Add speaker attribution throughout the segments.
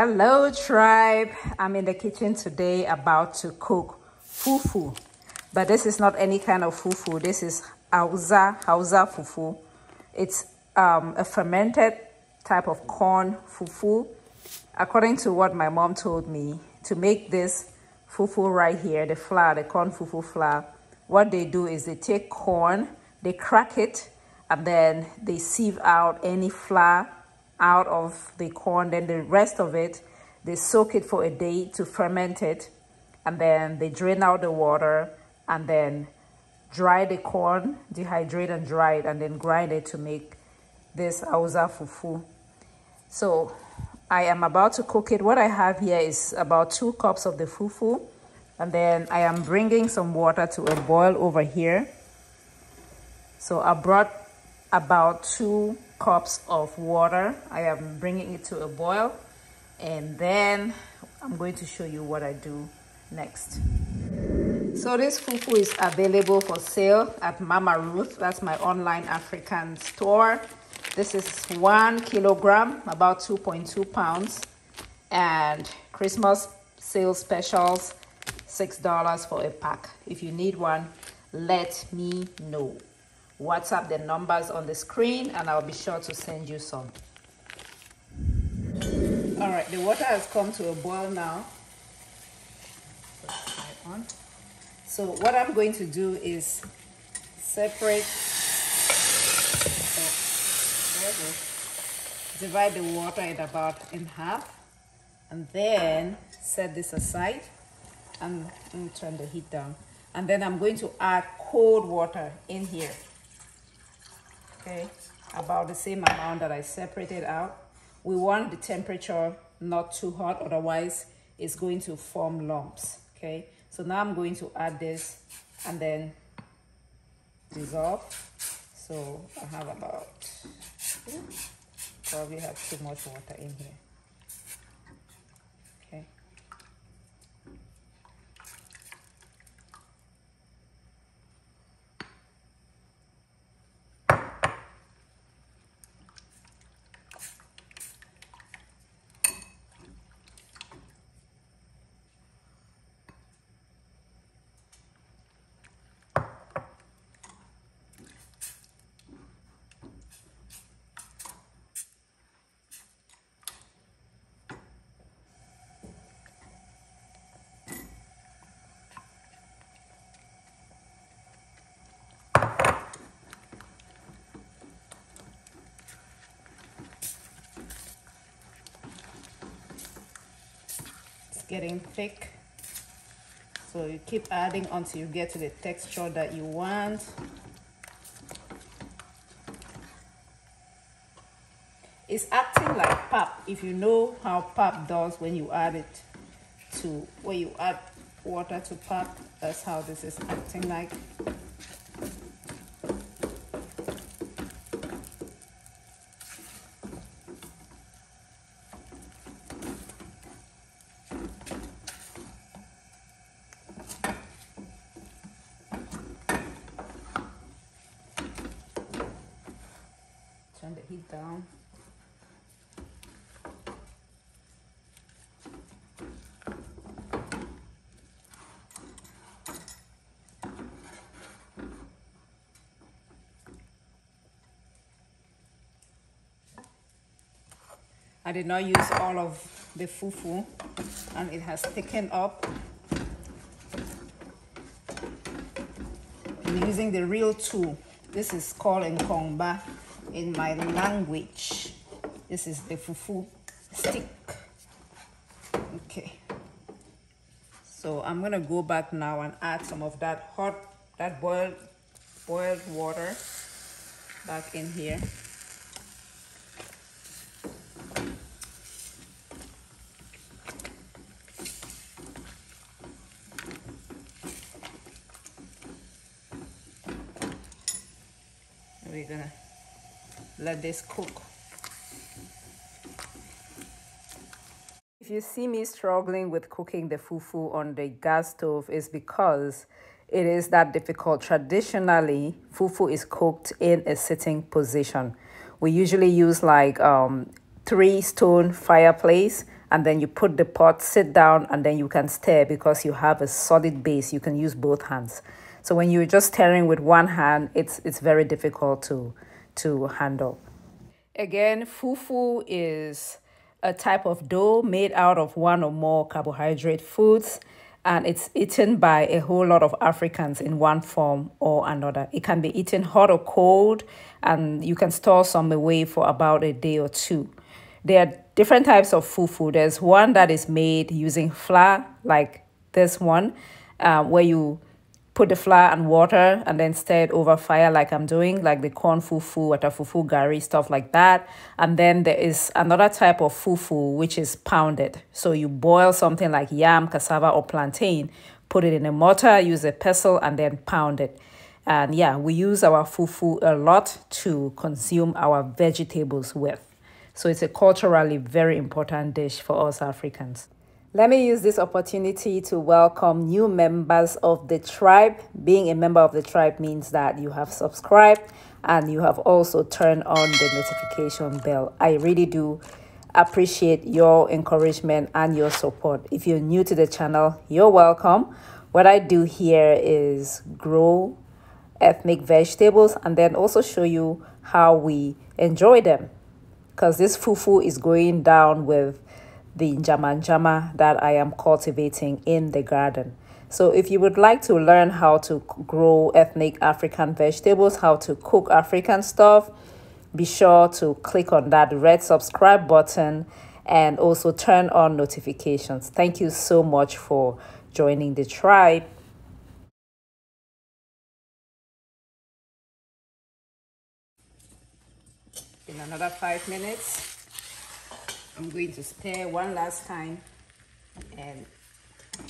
Speaker 1: Hello, tribe. I'm in the kitchen today about to cook fufu. But this is not any kind of fufu. This is Hausa, Hausa fufu. It's um, a fermented type of corn fufu. According to what my mom told me, to make this fufu right here, the flour, the corn fufu flour, what they do is they take corn, they crack it, and then they sieve out any flour out of the corn. Then the rest of it, they soak it for a day to ferment it. And then they drain out the water and then dry the corn, dehydrate and dry it, and then grind it to make this auza fufu. So I am about to cook it. What I have here is about two cups of the fufu. And then I am bringing some water to a boil over here. So I brought about two cups of water. I am bringing it to a boil and then I'm going to show you what I do next. So this fufu is available for sale at Mama Ruth. That's my online African store. This is one kilogram, about 2.2 pounds. And Christmas sale specials, $6 for a pack. If you need one, let me know. WhatsApp the numbers on the screen and I'll be sure to send you some. All right, the water has come to a boil now. So what I'm going to do is separate, divide the water in about in half and then set this aside and turn the heat down. And then I'm going to add cold water in here okay? About the same amount that I separated out. We want the temperature not too hot, otherwise it's going to form lumps, okay? So now I'm going to add this and then dissolve. So I have about, probably have too much water in here. getting thick so you keep adding until you get to the texture that you want it's acting like pap if you know how pap does when you add it to when you add water to pap that's how this is acting like turn the heat down I did not use all of the fufu and it has thickened up. I'm using the real tool. This is called a kongba in my language. This is the fufu stick. Okay. So I'm gonna go back now and add some of that hot, that boiled, boiled water back in here. We're gonna let this cook. If you see me struggling with cooking the fufu on the gas stove, it's because it is that difficult. Traditionally, fufu is cooked in a sitting position. We usually use like um, three stone fireplace and then you put the pot, sit down, and then you can stir because you have a solid base. You can use both hands. So when you're just stirring with one hand, it's, it's very difficult to to handle. Again, fufu is a type of dough made out of one or more carbohydrate foods and it's eaten by a whole lot of Africans in one form or another. It can be eaten hot or cold and you can store some away for about a day or two. There are different types of fufu. There's one that is made using flour like this one uh, where you put the flour and water and then stir it over fire like I'm doing, like the corn fufu, water fufu, gari, stuff like that. And then there is another type of fufu, which is pounded. So you boil something like yam, cassava, or plantain, put it in a mortar, use a pestle, and then pound it. And yeah, we use our fufu a lot to consume our vegetables with. So it's a culturally very important dish for us Africans. Let me use this opportunity to welcome new members of the tribe. Being a member of the tribe means that you have subscribed and you have also turned on the notification bell. I really do appreciate your encouragement and your support. If you're new to the channel, you're welcome. What I do here is grow ethnic vegetables and then also show you how we enjoy them because this fufu is going down with the njama njama that I am cultivating in the garden. So if you would like to learn how to grow ethnic African vegetables, how to cook African stuff, be sure to click on that red subscribe button and also turn on notifications. Thank you so much for joining the tribe. In another five minutes, I'm going to stir one last time and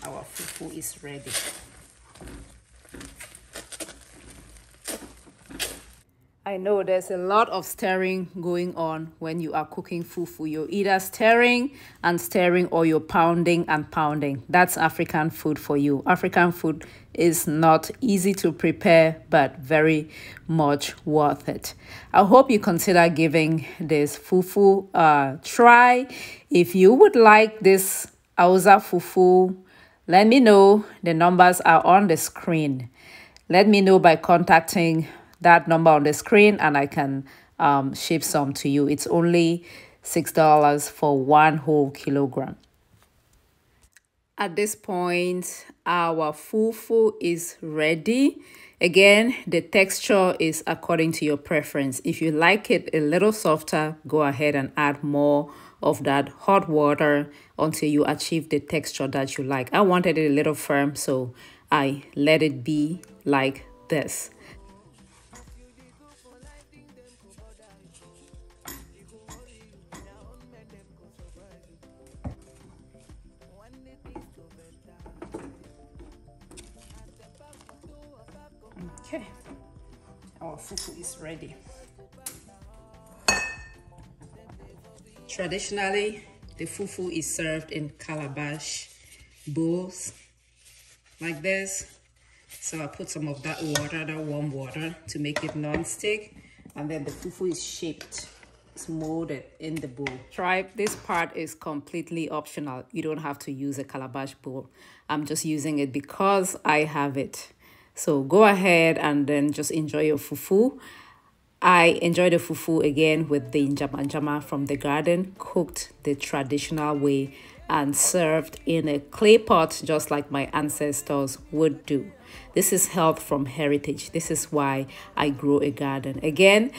Speaker 1: our fufu is ready. I know there's a lot of stirring going on when you are cooking fufu. You're either stirring and stirring or you're pounding and pounding. That's African food for you. African food is not easy to prepare, but very much worth it. I hope you consider giving this fufu a try. If you would like this Auza fufu, let me know. The numbers are on the screen. Let me know by contacting that number on the screen and I can um, ship some to you. It's only $6 for one whole kilogram. At this point, our fufu is ready. Again, the texture is according to your preference. If you like it a little softer, go ahead and add more of that hot water until you achieve the texture that you like. I wanted it a little firm, so I let it be like this. Okay, our fufu is ready. Traditionally, the fufu is served in calabash bowls like this. So I put some of that water, that warm water, to make it non-stick. And then the fufu is shaped it's molded in the bowl. Tribe, this part is completely optional. You don't have to use a calabash bowl. I'm just using it because I have it. So go ahead and then just enjoy your fufu. I enjoy the fufu again with the njama njama from the garden, cooked the traditional way and served in a clay pot just like my ancestors would do. This is health from heritage. This is why I grow a garden. Again,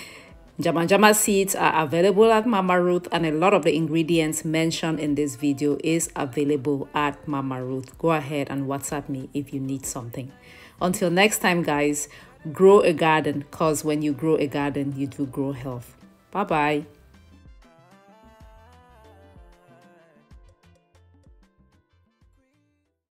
Speaker 1: Jama Jama seeds are available at Mama Ruth and a lot of the ingredients mentioned in this video is available at Mama Ruth. Go ahead and WhatsApp me if you need something. Until next time, guys, grow a garden because when you grow a garden, you do grow health. Bye bye.